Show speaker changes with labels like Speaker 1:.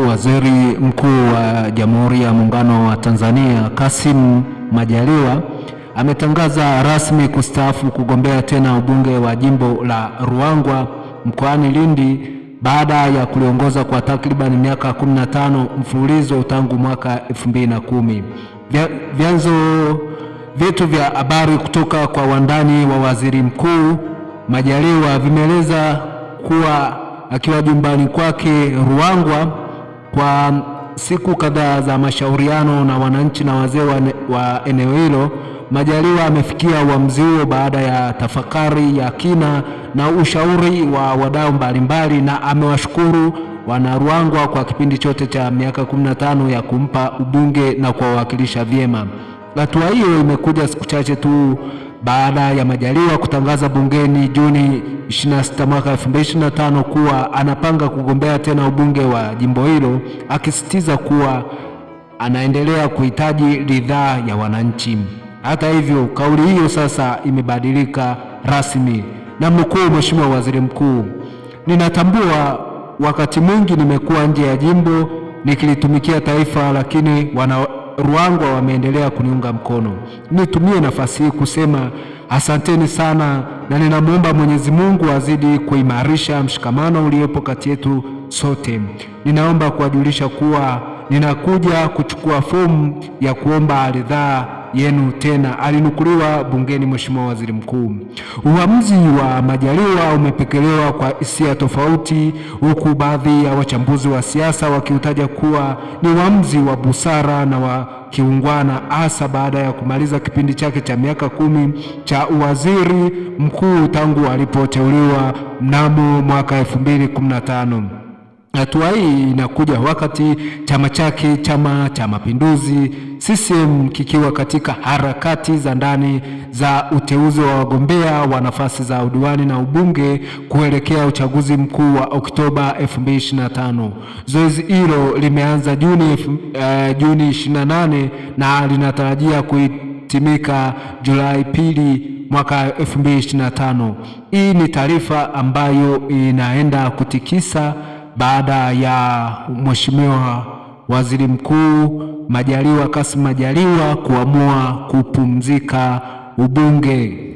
Speaker 1: Waziri Mkuu wa Jamhuri ya Muungano wa Tanzania Kassim Majaliwa ametangaza rasmi kustaafu kugombea tena ubunge wa jimbo la Ruangwa mkoani Lindi baada ya kuliongoza kwa takriban miaka 15 mfululizo tangu mwaka 2010. Vyanzo vyetu vya habari kutoka kwa wandani wa waziri mkuu Majaliwa vimeeleza kuwa akiwa jumbani kwake Ruangwa kwa siku kadhaa za mashauriano na wananchi na wazee wa eneo hilo, Majaliwa amefikia uamuzi huo baada ya tafakari ya kina na ushauri wa wadau mbalimbali, na amewashukuru Wanaruangwa kwa kipindi chote cha miaka 15 ya kumpa ubunge na kuwawakilisha vyema. Hatua hiyo imekuja siku chache tu baada ya Majaliwa kutangaza bungeni Juni 26 mwaka 2025 kuwa anapanga kugombea tena ubunge wa jimbo hilo, akisisitiza kuwa anaendelea kuhitaji ridhaa ya wananchi. Hata hivyo, kauli hiyo sasa imebadilika rasmi. Namnukuu Mheshimiwa Waziri Mkuu, ninatambua wakati mwingi nimekuwa nje ya jimbo nikilitumikia taifa, lakini wana Ruangwa wameendelea kuniunga mkono. Nitumie nafasi hii kusema asanteni sana, na ninamwomba Mwenyezi Mungu azidi kuimarisha mshikamano uliopo kati yetu sote. Ninaomba kuwajulisha kuwa ninakuja kuchukua fomu ya kuomba ridhaa yenu tena, alinukuliwa bungeni Mheshimiwa Waziri Mkuu. Uamuzi wa Majaliwa umepokelewa kwa hisia tofauti, huku baadhi ya wachambuzi wa siasa wakiutaja kuwa ni uamuzi wa busara na wa kiungwana, hasa baada ya kumaliza kipindi chake cha miaka kumi cha uwaziri mkuu tangu alipoteuliwa mnamo mwaka 2015. Hatua hii inakuja wakati chama chake Chama cha Mapinduzi CCM kikiwa katika harakati za ndani za uteuzi wa wagombea wa nafasi za udiwani na ubunge kuelekea uchaguzi mkuu wa Oktoba 2025. Zoezi hilo limeanza Juni, uh, Juni 28 na linatarajia kuhitimika Julai pili mwaka 2025. Hii ni taarifa ambayo inaenda kutikisa baada ya Mheshimiwa Waziri Mkuu Majaliwa Kassim Majaliwa kuamua kupumzika ubunge.